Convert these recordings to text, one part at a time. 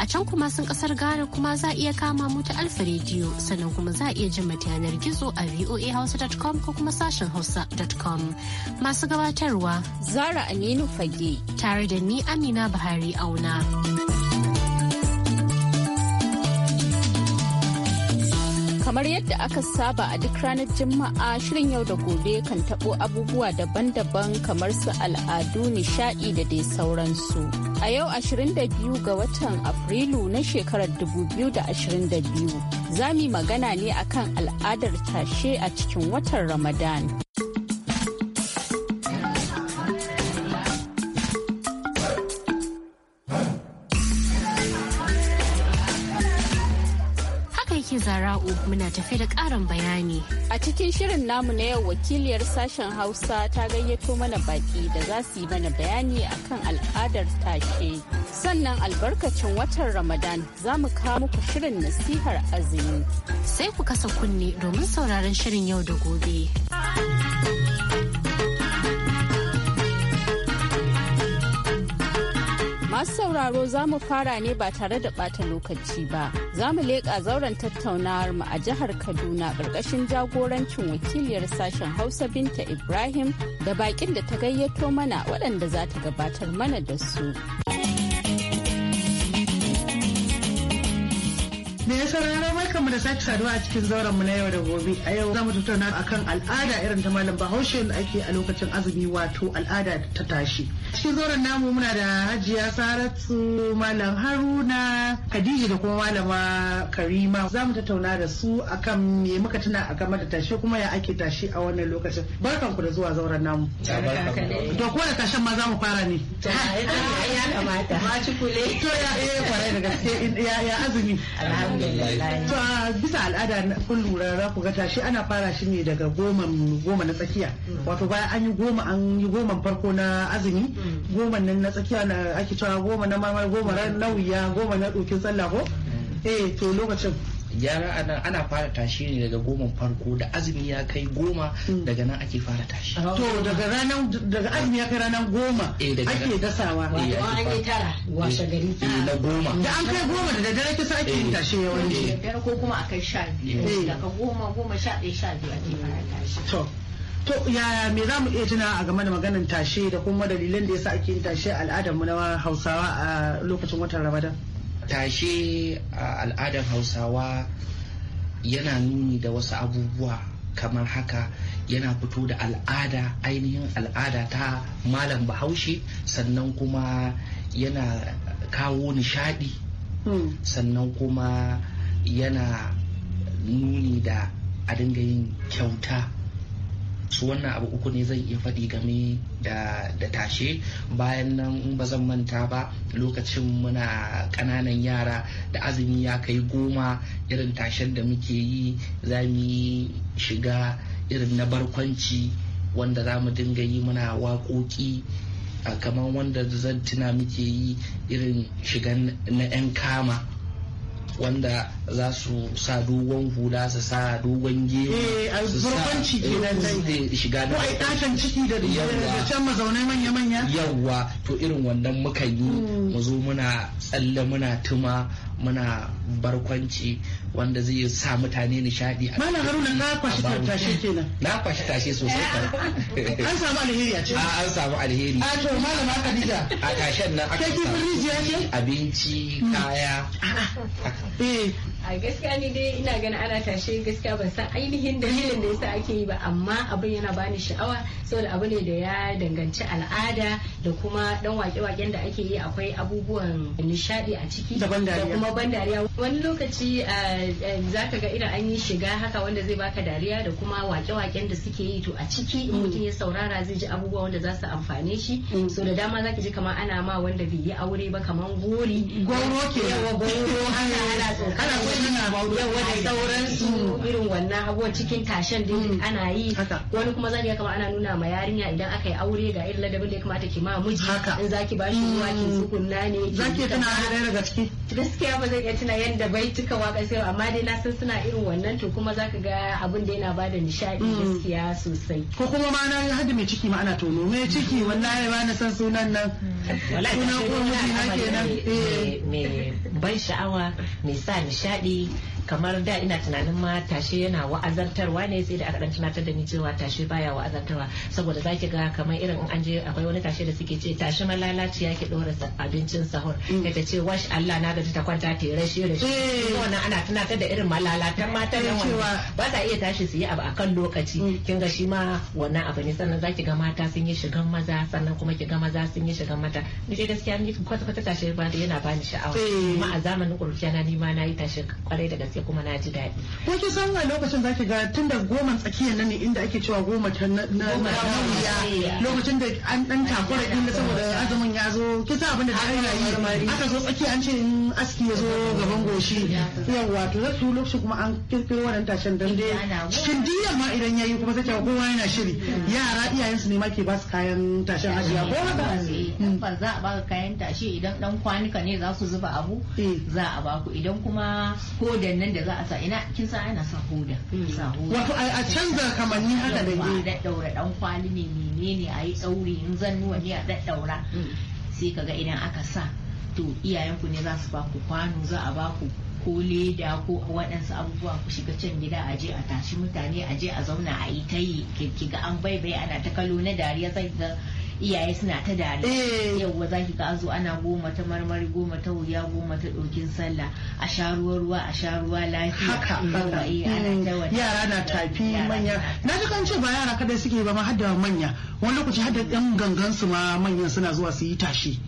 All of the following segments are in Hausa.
a can kuma sun kasar Ghana kuma za a iya kama mu ta alfa rediyo sannan kuma za a iya jin mata yanar gizo a voahausa.com ko kuma sashen hausa.com masu gabatarwa Zara Aminu Fage tare da ni Amina Buhari Auna. kamar yadda aka saba a duk ranar juma'a shirin yau da gobe kan tabo abubuwa daban-daban kamar su al'adu nishadi da dai sauransu. a yau 22 ga watan Afrilu na shekarar 2022. Za mu magana ne akan al'adar tashe a cikin watan Ramadan. ke zara'u muna tafe da ƙarin bayani. A cikin shirin namu na yau wakiliyar sashen Hausa ta gayyato mana baki da za su yi mana bayani akan al'adar tashe. Sannan albarkacin watan Ramadan za mu kawo muku shirin nasihar azumi. Sai ku kasa kunne domin sauraron shirin yau da gobe. Masu sauraro za mu fara ne ba tare da ɓata lokaci ba. Za mu leƙa zauren tattaunawar mu a jihar Kaduna ƙarƙashin jagorancin wakiliyar sashen Hausa Binta Ibrahim da baƙin da ta gayyato mana waɗanda za ta gabatar mana da su. Me barkanmu da sake saduwa a cikin zauren mu na yau da gobe. A yau zamu tattauna akan al'ada irin ta malam Bahaushe da ake a lokacin azumi wato al'ada ta tashi. Cikin zauren namu muna da Hajiya Saratu, Malam Haruna, Khadija da kuma Malama Karima. Zamu tattauna da su akan me muka tuna a game da tashi kuma ya ake tashi a wannan lokacin. Barkanku da zuwa zauren namu. To ko da tashin ma zamu fara ne. Ya kamata. Ma To eh, ya ya azumi. Alhamdulillah. kuma bisa al'ada kun lura za ku ga tashi ana fara shi ne daga goma goma na tsakiya mm. wato bayan an yi goma an yi goman farko na azumi mm. goma nan na tsakiya na ake cewa goma na mamar goma na wuya goma na dokin sallah ko mm. eh to lokacin gyara ana ana fara tashi ne daga goma farko da azumi ya kai goma mm. daga nan ake fara tashi to daga ranar daga azumi ya kai ranar goma eh, ake dasawa eh, wato an yi tara washe gari eh, na goma da an kai goma da daddare kisa ake yin tashi yawanci ko kuma a kai sha biyu daga goma goma sha ɗaya sha biyu ake fara tashi to yaya me za mu iya tuna a game da maganin tashe da kuma dalilan da yasa ake yin tashe al'adar mu na Hausawa a lokacin watan Ramadan tashe a al'adar hausawa yana nuni da wasu abubuwa kamar haka yana fito da al'ada ainihin al'ada ta malam bahaushe sannan kuma yana kawo nishadi hmm. sannan kuma yana nuni da a dinga yin kyauta su wannan abu uku ne zan iya faɗi game da tashe bayan nan in ba zan manta ba lokacin muna ƙananan yara da azumi ya kai goma irin tashen da muke yi za mu yi shiga irin na barkwanci wanda za mu dinga yi muna waƙoƙi kamar wanda zan tuna muke yi irin shigan na 'yan kama wanda za su sa dogon hula su sa dogon gemu eh, su sa eh, shiga da ai tashin ciki da can mazaune manya manya yawwa to irin wannan muka yi hmm. mu zo muna tsalle muna tuma muna barkwanci wanda zai sa mutane nishadi a Malam Haruna na kwashi tashe kenan. Na kwashi tashe sosai kan. Eh, an samu alheri a ce. A ah, an samu alheri. A ah, to malama Khadija. A tashen nan aka samu. rijiya ce? Abinci, kaya. Eh. a gaskiya ni dai ina ganin ana tashe gaskiya ban san ainihin dalilin da yasa ake yi ba amma abin yana bani sha'awa saboda abu ne da ya danganci al'ada da kuma dan wake-waken da ake yi akwai abubuwan nishadi a ciki da kuma ban dariya wani lokaci zaka ga irin an yi shiga haka wanda zai baka dariya da kuma wake-waken da suke yi to a ciki in mm. mutum ya saurara zai ji abubuwa wanda za su amfane shi mm. so da dama zaki ji kamar ana ma wanda bai yi aure ba kamar gori goro ke yawa goro ana ana tsokana yawa da sauransu irin wannan abuwa cikin tashen din mm. ana yi wani kuma zan iya kama ana nuna ma yarinya idan aka yi aure ga irin ladabin da ya kamata ki ma miji in zaki ba shi ruwa ki mm. tsukunna ne zaki tana da daga ciki gaskiya ba zan iya tuna yanda bai tuka waka sai amma dai na san suna irin wannan to kuma zaka ga abin da yana bada nishadi mm. gaskiya sosai ko kuma ma na hada mai ciki ma ana tono mai ciki wallahi ba na san sunan nan wallahi sunan ko mijina kenan mai ban sha'awa mai sa nishadi kamar da ina tunanin ma tashe yana wa'azantarwa ne sai da aka dan tunatar da ni cewa tashe baya wa'azantarwa saboda zaki ga kamar irin in an je akwai wani tashe da suke ce tashi ma lalaciya ki dora abincin sahur kai mm. ta ce wash Allah na gaji ta kwanta ta yi rashi rashi mm. wannan ana tunatar da irin malalatan mata da cewa. ba ta iya tashi su yi abu akan lokaci mm. kin ga shi ma wannan abu ne sannan zaki ga mata sun yi shigan maza sannan kuma ki ga maza sun yi shigan mata ni dai gaskiya ni kwata kwata tashe ba yana bani sha'awa eh. kuma a zamanin kurkiya na ni ma na yi tashe kwarai da gaske kuma na ji daɗi. Ko ki san wani lokacin za ki ga tun da goma tsakiyar nan ne inda ake cewa goma ta na na lokacin da an dan takura din saboda azumin ya zo ki sa abin da da yi aka zo tsakiya an ce in aski ya zo gaban goshi yawa to zai lokacin kuma an kirkiro wannan tashin dan dai cikin diya ma idan yayi kuma sai ta kowa yana shiri yara iyayensu ne ma ke ba su kayan tashin ajiya ko haka mm. ba za a baka kayan tashi idan dan kwanuka ne za ku zuba abu eh. za a baku idan kuma ko da nan da za a sa ina kin sa ana sa hoda wato a canza kamanni haka da ne da daura dan kwali ne menene ayi dauri in zannuwa ne a daura mm. sai kaga idan aka sa to iyayenku ne za su ba ku kwano za a ba ku ko leda ko waɗansu abubuwa ku shiga can gida a je a tashi mutane a je a zauna a yi ta yi ga an baibai ana ta kalo na dariya zai ga iyaye suna ta dare ba eh. za ki ga zo ana goma ta marmari goma ta wuya goma ta ɗokin sallah a sha ruwa ruwa a sha ruwa lafiya haka eh, mm. yara na tafi manya na ji kan ce ba yara kadai suke ba ma hadda manya wani lokaci hadda yan gangan su ma manyan suna zuwa su yi tashi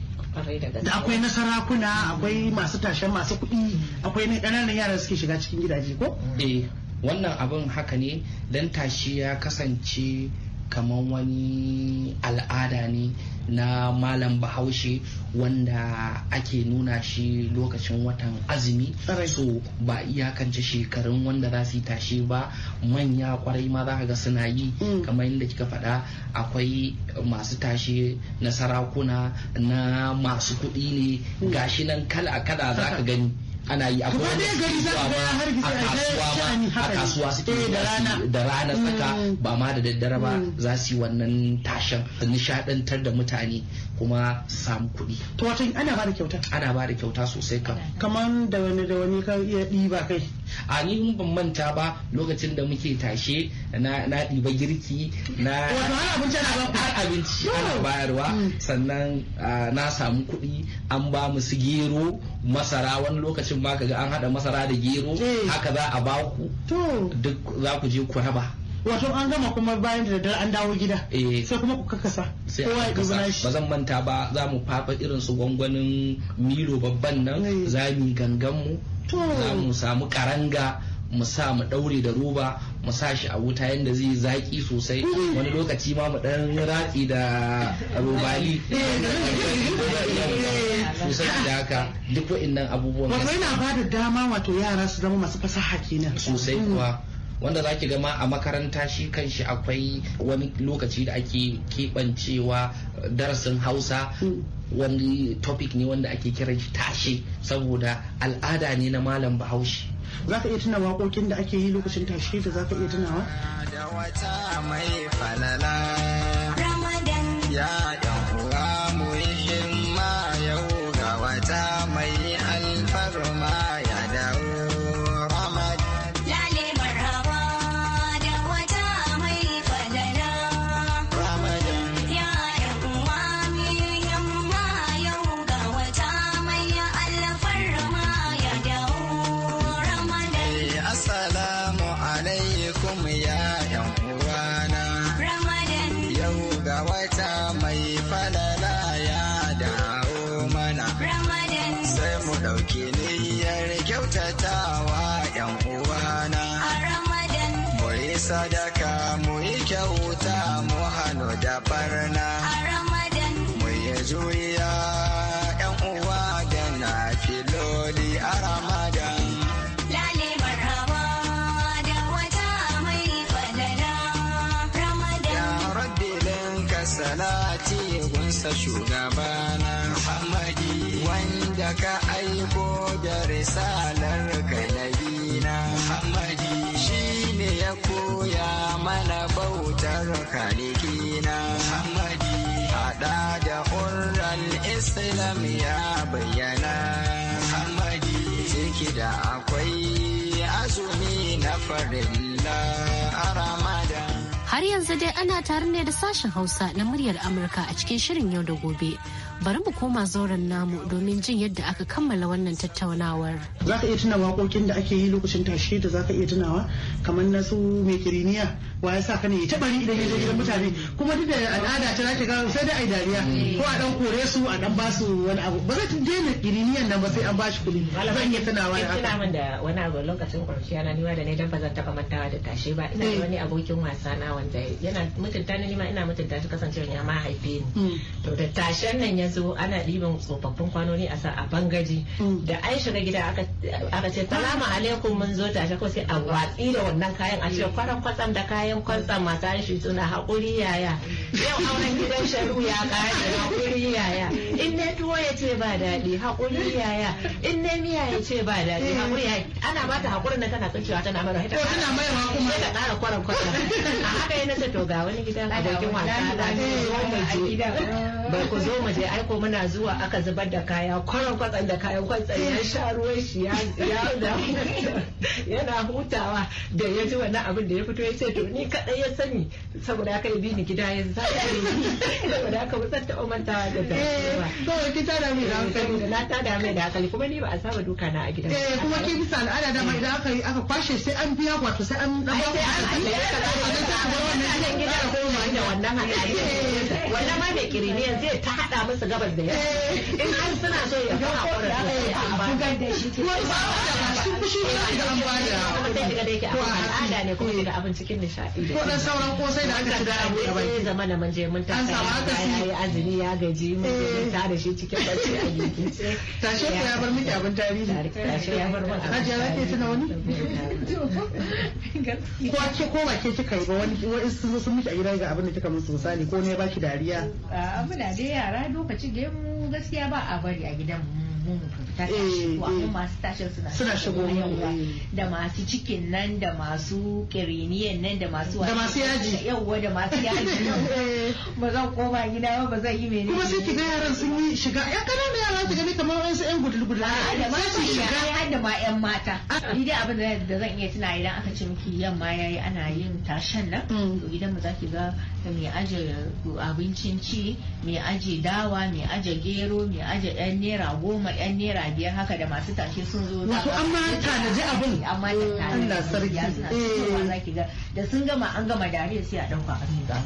da akwai na sarakuna akwai masu tashen masu kuɗi akwai na ƙananan yara suke shiga cikin gidaje ko? eh wannan abin haka ne don tashi ya kasance kamar wani al'ada ne na malam bahaushe wanda ake nuna shi lokacin watan azumi so ba iyakance shekarun wanda za su yi tashe ba manya kwarai ma za ga suna yi mm. kamar yadda kika faɗa akwai masu tashe na sarakuna na masu kuɗi ne mm. gashi nan kala kala za ka gani ana yi akwai wanda gari za a kasuwa a kasuwa suke eh, da rana da rana tsaka mm. ba ma da daddare ba mm. za su yi wannan tashan nishadantar da mutane kuma samu kuɗi. To wato ana ba da kyauta? Ana ba da kyauta sosai kan. Kamar da wani da wani ka iya ɗiba kai. A ni mun ban manta ba lokacin da muke tashe na na ɗiba girki na. Wato har abinci ana ba Har abinci ana bayarwa mm. sannan na samu kuɗi an ba mu su gero masara wani lokacin ma kaga an haɗa masara da gero eh. haka za a ba ku. To. Duk za ku je ku raba. wato an gama kuma bayan da an dawo gida eh. sai kuma ku kakasa kowa ya shi ba zan manta ba za mu fafa irin su gwangwanin milo babban nan eh. za mu gangan mu za mu samu karanga mu sa mu daure da roba mu sa shi a wuta yadda zai yi zaki sosai eh. wani lokaci ma mu dan ratsi da robali sosai da haka duk nan abubuwan wato yana ba da dama wato yara su zama masu fasaha kenan sosai kuwa wanda za ki gama a makaranta shi kan shi akwai wani lokaci da ake keɓancewa darasin hausa hmm. wani topic ne wanda ake kiran shi tashe saboda al'ada ne na malam bahaushe za ka iya tuna waƙoƙin da ake yi lokacin tashe da za ka iya tunawa? sa shugabana Muhammadi wanda ka aiko da risalar ka na, Muhammadi shi ne ya koya mana bautar kalikina Muhammadi hada da hurran Islam ya bayyana Muhammadi ciki da akwai azumi na da arama Har yanzu dai ana tare ne da sashen Hausa na muryar Amurka a cikin shirin yau da gobe. bari mu koma zauren namu domin jin yadda aka kammala wannan tattaunawar. Za ka iya tuna waƙoƙin da ake yi lokacin tashe da za ka iya tunawa kamar na su mai kiriniya wa ya sa ka ne ta bari idan ya gidan mutane kuma duk da al'ada ta zaki ga sai dai ai dariya eh. ko a dan kore su a dan ba su wani abu ba za ta daina kiriniyan nan ba sai an ba shi kuɗi zan iya tunawa da haka. Ina da wani abu lokacin kwanciya na niwa da ne dan ba zan taɓa mantawa da tashe ba ina da eh. wani abokin wasa na wanda yana mutunta ni ma ina mutunta shi kasancewa ya ma haife ni. Hmm. To da tashen nan ya yanzu ana ɗiban tsofaffin kwanoni a sa a bangaji mm. da an shiga gida aka ce salamu alaikum mun zo tashi ko sai a watsi da wannan kayan a ce kwaran kwatsam da kayan kwatsam masu an shi suna haƙuri yaya yau auren gidan sharu ya ƙare haƙuri yaya in ne tuwo ya ce ba daɗi haƙuri yaya in ne miya ya ce ba daɗi mm. haƙuri yaya ana ba ta haƙurin da tana tsincewa tana mara ko tana maiwa hakuma ta ƙara kwaran kwatsam a haka yana ta to ga wani gidan abokin wasa da zo mu je ba ku zo mu je ai ko muna zuwa aka zubar da kaya kwaron kwatsan da kayan kwatsan ya sha ruwan shi yana hutawa da ya ji wannan abin da ya fito ya ce to ni kadai ya sani saboda aka yi bi ni gida ya zaɓi aka ba ta taɓa mantawa da ta. ba eh, ki kita da mai da hankali. Eh, na ta da mai da hankali kuma ni ba a saba duka na a gidan. Eh, kuma ke bisa al'ada dama idan aka yi aka kwashe sai an biya wato sai an dan ba ku kuɗi. Wannan gida ko ma da wannan ba. Eh. Wannan ma mai kiriniya zai ta haɗa masa gabas da yamma. In har suna so ya fara kwarar da ya fara. Kuma ba fushi ne idan an bada ko a al'ada ne kuma daga abin cikin nishaɗi ko dan sauran kosai da aka ci da abu da bai eh, zama da manje mun ta kai ya yi azumi ya gaji mun ta da shi cikin bacci a gigice tashe ko ya bar miki abin tarihi tashe ya bar miki hajiya zake tuna wani ko ke ko ba ke kika yi ba wani wani sun sun miki a gida ga abin da kika musu misali ko ne ya baki dariya a muna da yara lokaci mu gaskiya ba a bari a gidan mu mu ta shigo amma masu tashin suna shigo yawa da masu cikin nan da masu kiriniyan nan da masu da masu yaji yawa da masu yaji ba zan koma gida ba ba zan yi mene kuma sai ki ga yaran sun yi shiga Ya yan kananan yara ki gani kamar wani su yan gudulgudu a da ma su shiga ai da ma yan mata ni dai abin da zan iya tuna idan aka ce miki yamma yayi ana yin tashan nan to idan mu zaki ga mai aje abincin ci mai aje dawa mai aje gero mai aje yan naira goma yan naira suna biyan haka da masu tashe sun zo wato an ma tanaji abin amma ta Allah sarki eh. za ki ga da sun gama an gama dariya sai a dauka a miƙa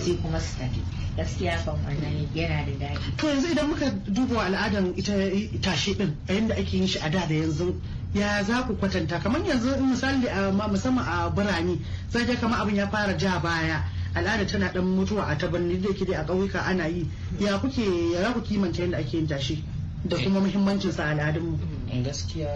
sai kuma su tafi gaskiya kan wannan yana da daɗi to yanzu idan muka duba al'adan ita tashe din a yanda ake yin shi a da da yanzu ya za ku kwatanta kamar yanzu misali musamman a birane sai dai kamar abin ya fara ja baya al'ada tana dan mutuwa a tabarni da ke dai a ƙauyuka ana yi ya kuke ya ku kimanta yadda ake yin tashi da kuma muhimmancin sa al'adun mu mm, gaskiya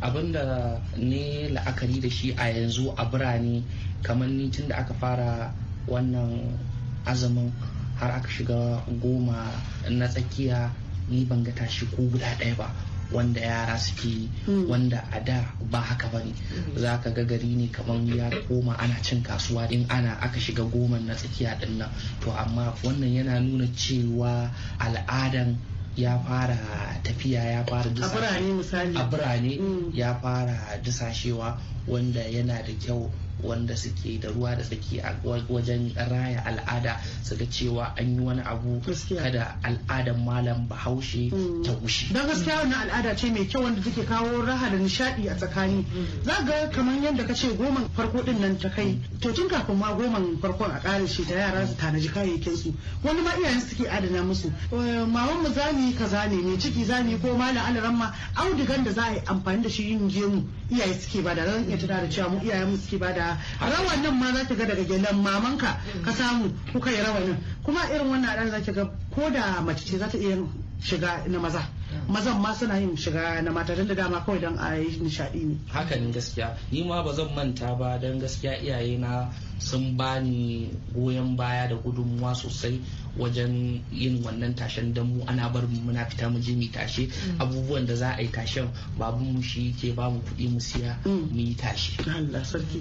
abinda ne la'akari da shi a yanzu a birane kamar ni tun da aka fara wannan azumin har aka shiga goma na tsakiya ni ban ga tashi ko guda ɗaya ba wanda yara suke mm. wanda a da ba haka ba ne mm-hmm. za ka ga gari ne kamar ya koma ana cin kasuwa in ana aka shiga goma na tsakiya dinnan to amma wannan yana nuna cewa al'adan ya fara tafiya ya fara a birane mm. ya fara dusashewa wanda yana da kyau wanda suke da ruwa da tsaki a wajen raya al'ada su ga cewa an yi wani abu kada al'adan malam bahaushe mm. ta wuce. don gaskiya wannan al'ada ce mai kyau wanda take kawo raha da nishadi a tsakani mm. za ga kamar yadda ka ce goman farko din nan ta kai mm. to tun kafin ma goman farkon a ƙara shi ta yara su tanaji kayayyakin su wani ma iyayen suke adana musu eh, maman mu zani kaza ne mai ciki zani ko malam alaramma audigan da za a yi amfani da shi yin gemu iyaye suke da ran iya tuna da cewa mu iyayen mu suke ba da. a rawan nan ma za ki ga daga gidan mamanka ka samu kuka yi rawanin kuma irin wannan ɗan za ta ga ko da mace ce za ta iya shiga na maza mazan ma suna yin shiga na mata don da dama kawai don a yi nishaɗi ne hakanin gaskiya ni ma ba zan manta ba don gaskiya iyaye na sun bani goyon baya da gudunmuwa sosai wajen yin wannan tashen don mu ana bar mu muna fita mu je mu tashe mm. abubuwan da za a yi tashen babu mu shi ke ba mu kuɗi mu siya mm. mu yi tashe Allah sarki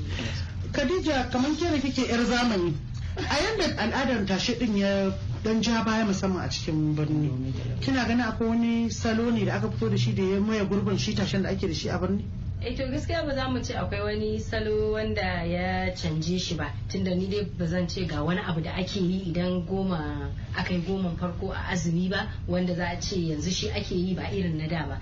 Khadija kamar kere kike yar zamani a yanda al'adar tashe din ya dan ja baya musamman a cikin birni kina ganin akwai wani salo ne da aka fito da shi da ya maye gurbin shi tashen da ake da shi a birni eh to gaskiya ba za mu ce akwai wani salo wanda ya canje shi ba tunda ni dai ba zan ce ga wani abu da ake yi idan goma aka yi goman farko a azumi ba wanda za a ce yanzu shi ake yi ba irin na da ba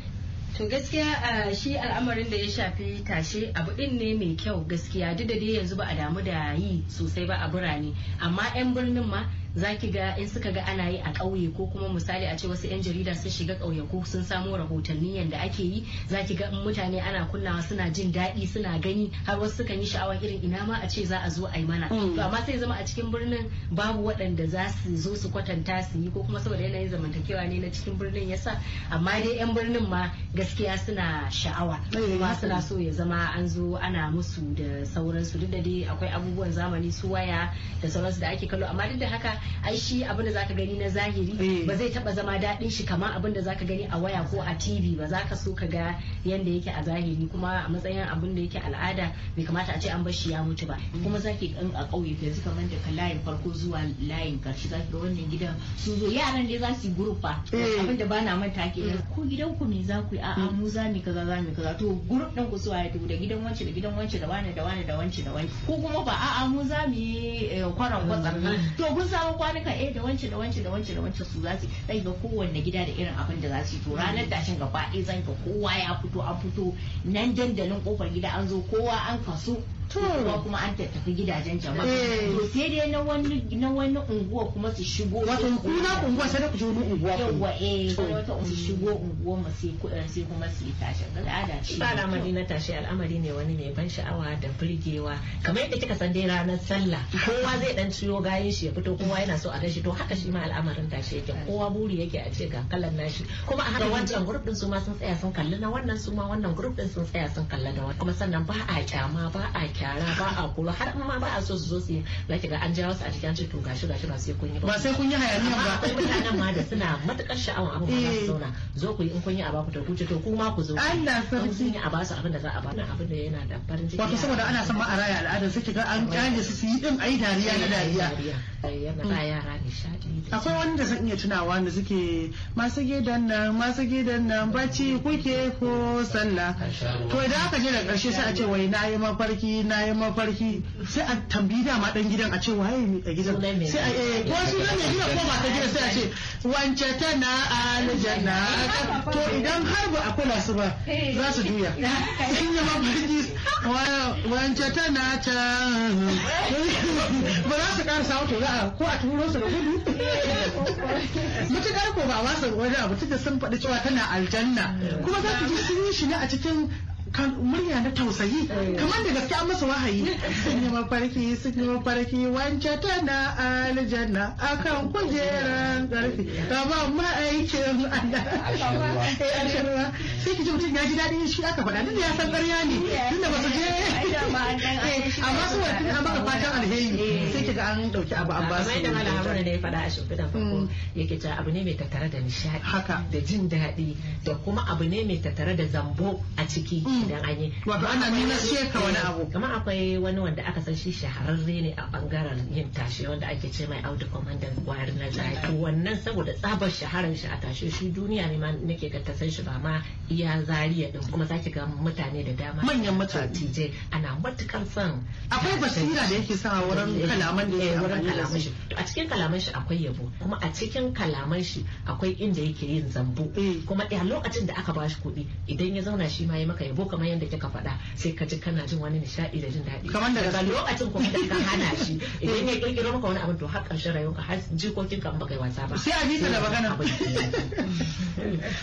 to gaskiya shi al'amarin da ya shafi tashe abu din ne mai kyau gaskiya duk da dai yanzu ba a damu da yi sosai ba a birane amma 'yan birnin ma za ki ga in suka ga ana yi a ƙauye ko kuma misali a ce wasu 'yan jarida sun shiga ko sun samo rahotanni yadda ake yi za ki ga mutane ana kunnawa suna jin daɗi suna gani har wasu sukan yi sha'awa irin ina ma a ce za a zo a yi mana mm. to amma sai zama a cikin birnin babu waɗanda za su zo su kwatanta su yi ko kuma saboda yanayin zamantakewa ne na cikin birnin yasa amma dai 'yan birnin ma gaskiya suna sha'awa mm. kuma suna so ya zama an zo ana musu da sauransu duk da dai akwai abubuwan zamani su waya da sauransu da ake kallo amma duk da haka ai shi abinda zaka gani na zahiri eh. ba zai taba zama daɗin shi kamar abinda da zaka gani a waya ko a TV ba zaka so ka ga yanda yake a zahiri kuma a matsayin abinda da yake al'ada bai kamata a ce an bar shi ya mutu ba mm. kuma zaki kan a ƙauye ka yanzu kamar daga layin farko zuwa layin karshe zaki ga wannan gidan su zo yaran dai za su gurfa gurufa eh. bana manta ke mm. ko gidan ku me za ku yi a'a mm. mu za mu kaza za mu kaza to gurup din ku suwa ya da gidan wance da gidan wance da wani da wani da wance da wani ko kuma ba a'a mu za mu yi eh, kwaran nan to kun samu sauran kwanuka eh da wance da wance da wance da wance su zasu su zai ga kowanne gida da irin abin da zasu su to ranar tashin gaba ɗaya zan ga kowa ya fito an fito nan dandalin kofar gida an zo kowa an kasu kuma kuma an tattafi gidajen jama'a eh. to sai dai na wani na wani unguwa kuma su shigo wato kuna unguwa sai da ku je wani unguwa yawa eh sai su shigo unguwa mu sai ku eh, sai kuma su tashi al'ada ce ba al'amari na tashi al'amari ne wani mai ban sha'awa da burgewa kamar yadda kika san dai ranar sallah kowa zai dan ciyo gayin shi ya fito kowa yana so a gashi to haka shi ma al'amarin tashi yake kowa buri yake a ce ga kallon nashi kuma a haka wancan grup din su ma sun tsaya sun kalli na wannan su ma wannan gurup din sun tsaya sun kalli na wannan kuma sannan ba a kyama ba a kyara ba a kula har ma ba a so su zo su za ki ga an jawo su a cikin ce to gashi gashi ba sai kun yi ba sai kun yi hayaniya ba akwai mutanen ma da suna matukar sha'awar abu ba su eh. zauna zo ku yi in kun yi a baku to ku ce to ku ma ku zo Allah sarki a ba su abin da za a ba abin da yana da farin ciki wato saboda ana son ma a raya al'adar sai ga an kyale su su yi din ai dariya na dariya akwai wani da zan iya tunawa da suke masu gidan nan masu gidan nan bacci kuke ko sallah to idan aka je da karshe sai a ce wai na yi mafarki na yi mafarki sai a tambayi dama dan gidan a ce waye mai a gidan sai a eh ko sunan ne gidan ko ba ta gidan sai a ce wance tana aljanna to idan har ba a kula su ba za su juya eh, sun yi mafarki wance tana can ba za su karasa wato za a ko a turo su da gudu mutukar ko ba wasa wani abu tunda sun faɗi cewa tana aljanna kuma za su ji sun yi shi ne a cikin murya na tausayi eh. kamar da gaske an masa wahayi sun yi mafarki sun yi mafarki wance ta na aljanna akan kujeran karfi ka ba ma'aikin Allah eh, sai ki ji mutum ya ji daɗin shi aka faɗa duk ya san ƙarya ne tun da ba su je eh, amma su wa tun an baka fatan alheri sai ki ga an ɗauki abu an ba su kamar da malam Haruna da ya faɗa a shimfiɗan farko mm. yake ta abu ne mai tattare da nishaɗi da jin daɗi da kuma abu ne mai tattare da zambo a ciki mm. idan an yi wato ana nuna sheka wani abu kamar akwai wani wanda aka san shi shahararre ne a bangaren yin tashe wanda ake ce mai auto commander wire na jaya wannan saboda tsabar shaharar shi a tashe shi duniya ne ma nake ga san shi ba ma iya zariya din kuma zaki ga mutane da dama manyan mutane ana matukar son akwai basira da yake sa wurin eh, kalaman da yake wurin kalaman shi a cikin kalaman shi akwai yabo kuma a cikin kalaman shi akwai inda yake yin zambo eh. kuma a lokacin da aka bashi kuɗi idan ya zauna shi ma ya maka yabo kamar yadda kika faɗa sai ka ji kana jin wani nishaɗi da jin daɗi kamar daga lokacin kuma da ka hana shi idan ya kirkiro maka wani abin to har ƙarshen rayuwarka har jikokin ka baka yi wasa ba sai a bisa da magana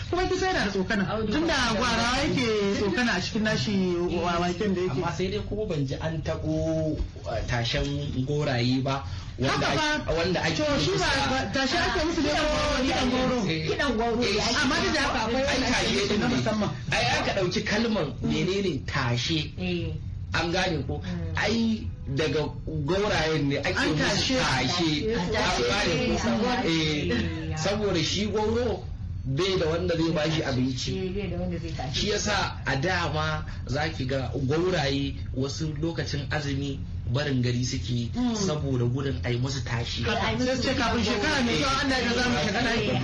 kuma kisa yana da tsokana tunda gwara yake tsokana a cikin nashi wawakin da yake amma sai dai kuma ban ji an taɓo eh, tashen goraye ba fa. wanda ake to shi ba tashi ake musu ne kidan goro kidan goro eh, eh, amma da haka akwai wani ake na musamman ai aka dauki kalmar menene tashe eh. an gane ko hmm. ai daga gaurayen ne ake musu tashe an gane ko saboda shi goro bai da wanda zai bashi abinci shi yasa a dama za ki ga gauraye wasu lokacin azumi barin gari suke hmm. saboda gudun a yi musu tashi. Sai kafin shekara mai kyau an da ya zama shekara ya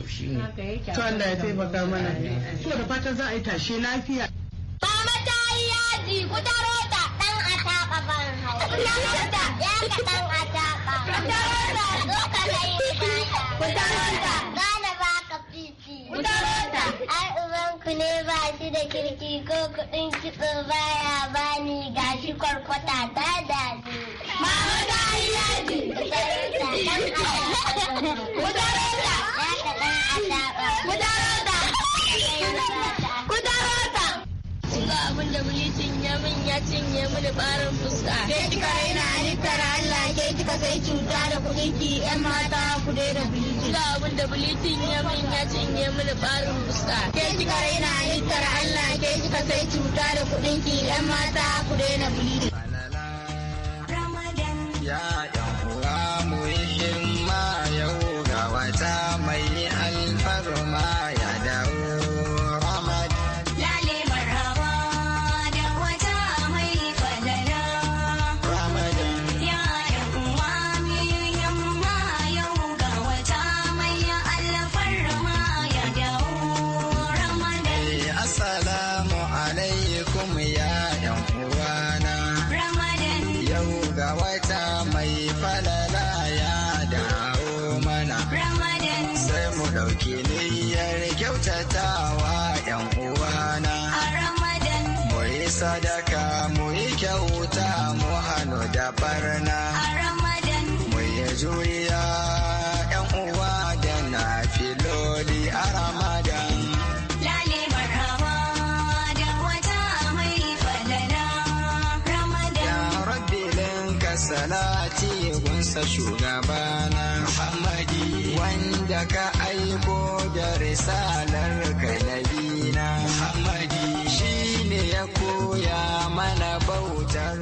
To Allah ya taimaka mana. To da fatan za a yi tashe lafiya. Mama ta yi yaji ku taro ta dan a taɓa ban hau. Taro ta ya ka dan a taɓa. Ku taro ta zo ka kai Ku taro ta gane ba ka fifi. Ku taro ta. ku ne ba shi da kirki ko kuɗin kitso baya ba ni ga shi kwarkwata ta dani. Mama ta yi yaji. Mutarota. Mutarota. Mutarota. abin da bilicin ya min ya cinye da barin fuska. Ke kika raina halittar Allah ke kika sai cuta da kuɗi ki ƴan mata ku daina bilicin. Ga abin da bilicin ya min ya cinye da barin fuska. Ke kika raina halittar Allah ke kika sai cuta da kuɗin ki ƴan mata ku daina Ya Ya shugabana Muhammadi wanda ka aiko da risalar ka nabina Muhammadi shine ya koya mana bautar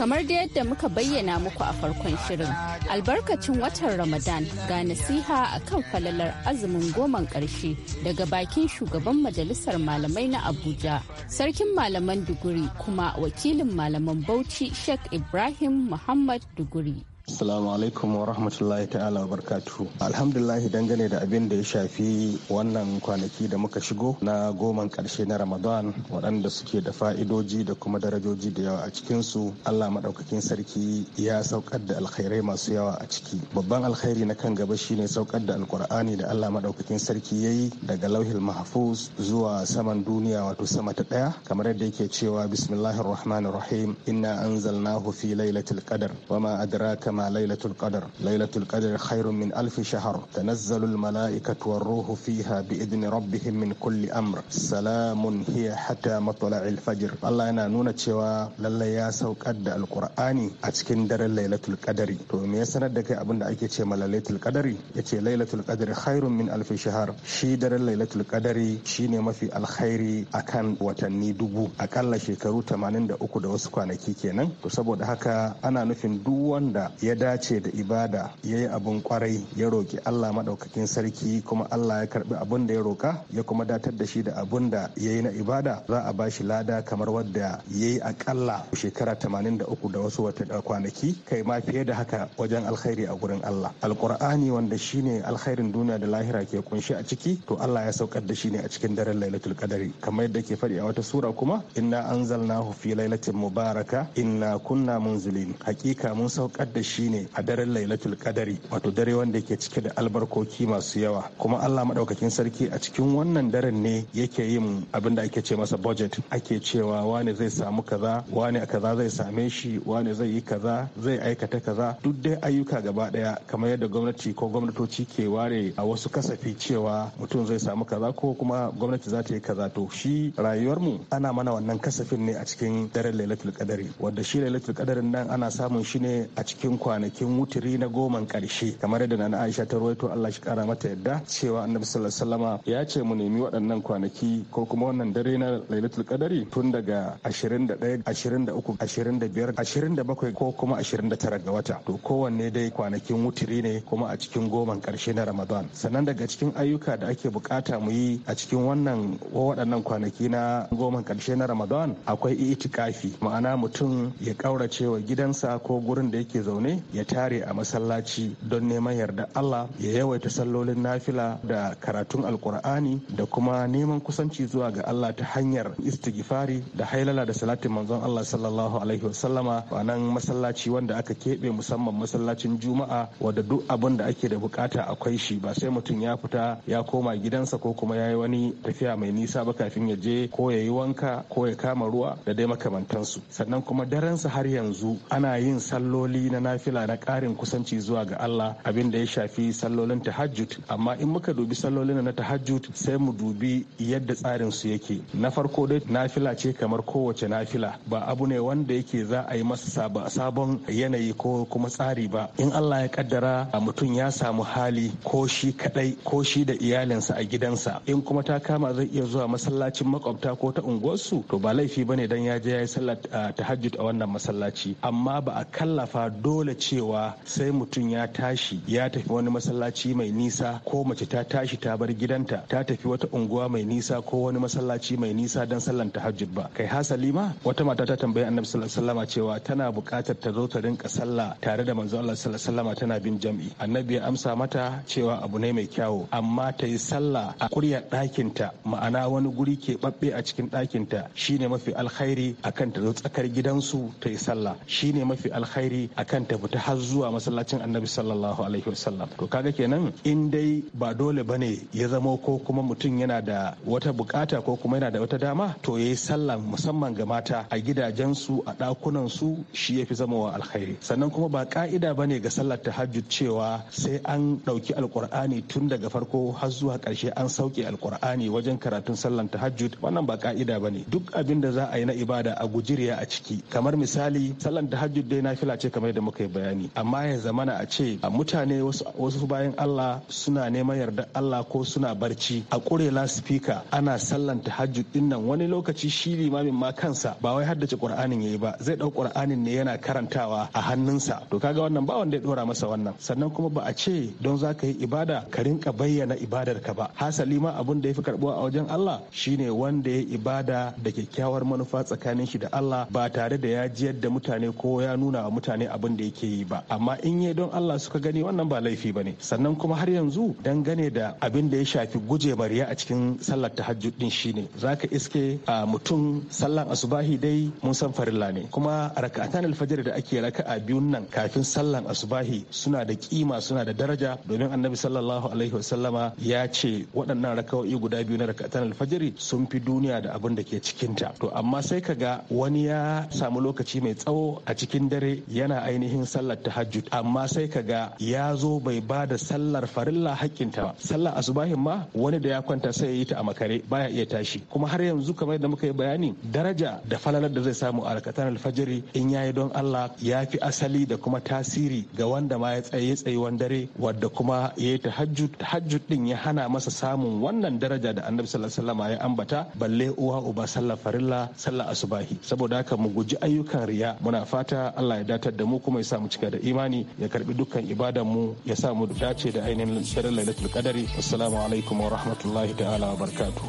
kamar da yadda muka bayyana muku a farkon shirin albarkacin watan ramadan ga nasiha kan falalar azumin goman ƙarshe daga bakin shugaban majalisar malamai na abuja sarkin malaman duguri kuma wakilin malaman bauchi sheikh ibrahim muhammad duguri Assalamu alaikum wa rahmatullahi ta'ala wa barkatu. Alhamdulillahi dangane da abin da ya shafi wannan kwanaki da muka shigo na goman karshe na Ramadan waɗanda suke da fa'idoji da kuma darajoji da yawa a cikinsu Allah maɗaukakin sarki ya saukar da alkhairai masu yawa a ciki. Babban alkhairi na kan gaba shine saukar da alkur'ani da Allah maɗaukakin sarki ya yi daga lauhil mahfuz zuwa saman duniya wato sama ta ɗaya kamar yadda yake cewa bismillahir rahmanir rahim inna anzalnahu fi lailatul qadr wama adraka ma lailatul qadar lailatul qadar khairun min alfi shahar tanazzalul mala'ikatu war ruhu fiha bi idni rabbihim min kulli amr salamun hiya hatta matla'il fajr Allah yana nuna cewa lallai ya saukar da alqur'ani a cikin daren lailatul qadari to me ya sanar da kai abin ake ce ma lailatul qadari yace lailatul qadari khairun min alfi shahar shi daren lailatul qadari shine mafi alkhairi akan watanni dubu akalla shekaru 83 da wasu kwanaki kenan to saboda haka ana nufin duk wanda ya ya dace da ibada ya yi abin kwarai ya roki Allah maɗaukakin sarki kuma Allah ya karɓi abin da ya roka ya kuma datar da shi da abin da ya yi na ibada za a bashi lada kamar wadda ya yi aƙalla shekara tamanin da uku da wasu kwanaki kai ma fiye da haka wajen alkhairi a gurin Allah. Alƙur'ani wanda shine alkhairin duniya da lahira ke kunshi a ciki to Allah ya saukar da shi ne a cikin daren Lailatul kadari kamar yadda ke faɗi a wata sura kuma inna anzalnahu fi lailatin mubaraka inna kunna munzilin hakika mun saukar da shi shine a daren lailatul kadari wato dare wanda yake cike da albarkoki masu yawa kuma allah maɗaukakin sarki a cikin wannan daren ne yake yin abin da ake ce masa budget ake cewa wane zai samu kaza wane kaza zai same shi wane zai yi kaza zai aikata kaza duk dai ayyuka gaba daya kamar yadda gwamnati ko gwamnatoci ke ware a wasu kasafi cewa mutum zai samu kaza ko kuma gwamnati za ta yi kaza to shi rayuwarmu ana mana wannan kasafin ne a cikin daren lailatul kadari wanda shi lailatul kadarin nan ana samun shi ne a cikin kwanakin wuturi na goman karshe kamar da na aisha ta rawaito allah shi kara mata yadda cewa annabi sallallahu alaihi ya ce mu nemi waɗannan kwanaki ko kuma wannan dare na lailatul qadari tun daga 21 23 25 27 ko kuma 29 ga wata to kowanne dai kwanakin wuturi ne kuma a cikin goman karshe na ramadan sannan daga cikin ayyuka da ake bukata mu yi a cikin wannan waɗannan kwanaki na goman karshe na ramadan akwai itikafi ma'ana mutum ya kaurace wa gidansa ko gurin da yake zaune musulmi ya tare a masallaci don neman yarda Allah ya yawaita sallolin nafila da karatun alkur'ani da kuma neman kusanci zuwa ga Allah ta hanyar istighfari da hailala da salatin manzon Allah sallallahu alaihi wasallama a nan masallaci wanda aka keɓe musamman masallacin juma'a wadda duk abin da ake da bukata akwai shi ba sai mutum ya fita ya koma gidansa ko kuma ya yi wani tafiya mai nisa ba kafin ya je ko ya yi wanka ko ya kama ruwa da dai makamantansu sannan kuma darensa har yanzu ana yin salloli na nafila na ƙarin kusanci zuwa ga Allah abin da ya shafi sallolin tahajjud amma in muka dubi sallolin na tahajjud sai mu dubi yadda tsarin su yake na farko dai nafila ce kamar kowace nafila ba abu ne wanda yake za a yi masa sabon yanayi ko kuma tsari ba in Allah ya kaddara mutum ya samu hali ko shi kadai ko shi da iyalinsa a gidansa in kuma ta kama zai iya zuwa masallacin makwabta ko ta unguwarsu to ba laifi bane dan ya je ya yi sallar ah, tahajjud a wannan masallaci amma ba a kallafa dole nuna cewa sai mutum ya tashi ya tafi wani masallaci mai nisa ko mace ta tashi ta bar gidanta ta tafi wata unguwa mai nisa ko wani masallaci mai nisa don sallan tahajjud ba kai hasali ma wata mata ta tambayi annabi sallallahu alaihi cewa tana buƙatar ta zo ta rinka sallah tare da manzo Allah sallallahu alaihi tana bin jam'i annabi ya amsa mata cewa abu ne mai kyawu amma ta yi sallah a kuryar ɗakinta ma'ana wani guri ke babbe a cikin ɗakinta shine mafi alkhairi akan ta zo tsakar gidansu ta yi sallah shine mafi alkhairi akan ta ya har zuwa masallacin annabi sallallahu alaihi wasallam to kaga kenan in dai ba dole bane ya zamo ko kuma mutum yana da wata bukata ko kuma yana da wata dama to yayi sallah musamman ga mata a gidajen su a dakunan su shi yafi zama wa alkhairi sannan kuma ba ka'ida bane ga sallar tahajjud cewa sai an dauki alqur'ani tun daga farko har zuwa karshe an sauke alqur'ani wajen karatun sallar tahajjud wannan ba ka'ida bane duk abin da za a yi na ibada a gujiriya a ciki kamar misali sallar tahajjud dai nafila ce kamar da muka yi yi bayani amma ya zamana a ce a mutane wasu bayan Allah suna neman yarda Allah ko suna barci a kure laspika ana sallan tahajjud din nan wani lokaci shi limamin ma kansa ba wai haddace Qur'anin yi ba zai dau Qur'anin ne yana karantawa a hannunsa to kaga wannan ba wanda ya dora masa wannan sannan kuma ba a ce don za ka yi ibada ka rinka bayyana ibadar ka ba hasali ma abun da ya fi karbuwa a wajen Allah shine wanda ya ibada da kyakkyawar manufa tsakanin shi da Allah ba tare da ya jiyar da mutane ko ya nuna wa mutane abin da yake yake yi ba amma in yi don Allah suka gani wannan ba laifi ba ne sannan kuma har yanzu dangane da abin da ya shafi guje bariya a cikin sallar tahajjud din shine ka iske a mutum sallan asubahi dai mun san farilla ne kuma raka'atan alfajr da ake raka'a biyun nan kafin sallan asubahi suna da kima suna da daraja domin annabi sallallahu alaihi wasallama ya ce waɗannan raka'o'i guda biyu na raka'atan alfajr sun fi duniya da abin da ke cikin ta to amma sai ka ga wani ya samu lokaci mai tsawo a cikin dare yana ainihin sallar tahajjud amma sai ka ga ya zo bai ba da sallar farilla hakkinta ba sallar asubahin ma wani da ya kwanta sai ya yi ta a makare baya iya tashi kuma har yanzu kamar da muka yi bayani daraja da falalar da zai samu a alkatar alfajiri in ya yi don Allah ya fi asali da kuma tasiri ga wanda ma ya tsaye tsayuwan dare wadda kuma ya yi tahajjud tahajjud din ya hana masa samun wannan daraja da annabi sallallahu alaihi wasallam ya ambata balle uwa uba sallar farilla sallar asubahi saboda haka mu guji ayyukan riya muna fata Allah ya datar da mu kuma ya sa samu cika da imani ya karbi dukkan ibadan mu ya sa mu dace da ainihin daren lailatul qadari assalamu alaikum wa rahmatullahi ta'ala wa barkatu.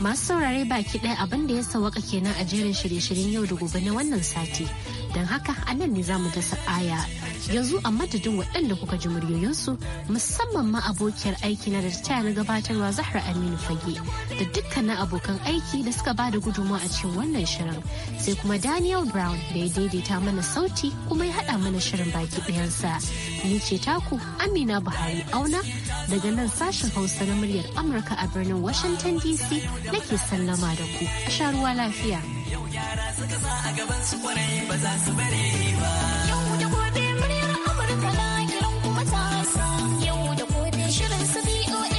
masu saurare baki ɗaya abin da ya sawaka kenan a jerin shirye-shiryen yau da gobe na wannan sati don haka a nan ne za mu dasa aya yanzu a madadin waɗanda kuka ji muryoyinsu musamman ma abokiyar aiki na da ta na gabatarwa zahra aminu fage da dukkanin abokan aiki da suka ba da gudunmawa a cikin wannan shirin sai kuma daniel brown da ya daidaita mana sauti kuma ya haɗa mana shirin baki ɗayansa ni ce taku amina buhari auna daga nan sashen hausa na muryar amurka a birnin washington dc nake sallama da ku a sha ruwa lafiya Yara suka sa a gaban su kwarai ba za su bare ba.